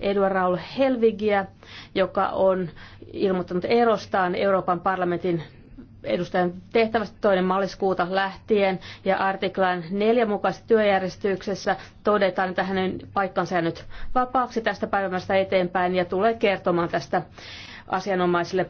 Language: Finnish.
Eduard Raul Helvigiä, joka on ilmoittanut erostaan Euroopan parlamentin edustajan tehtävästä toinen maaliskuuta lähtien ja artiklan 4 mukaisessa työjärjestyksessä todetaan, että hänen paikkansa jää nyt vapaaksi tästä päivämästä eteenpäin ja tulee kertomaan tästä asianomaisille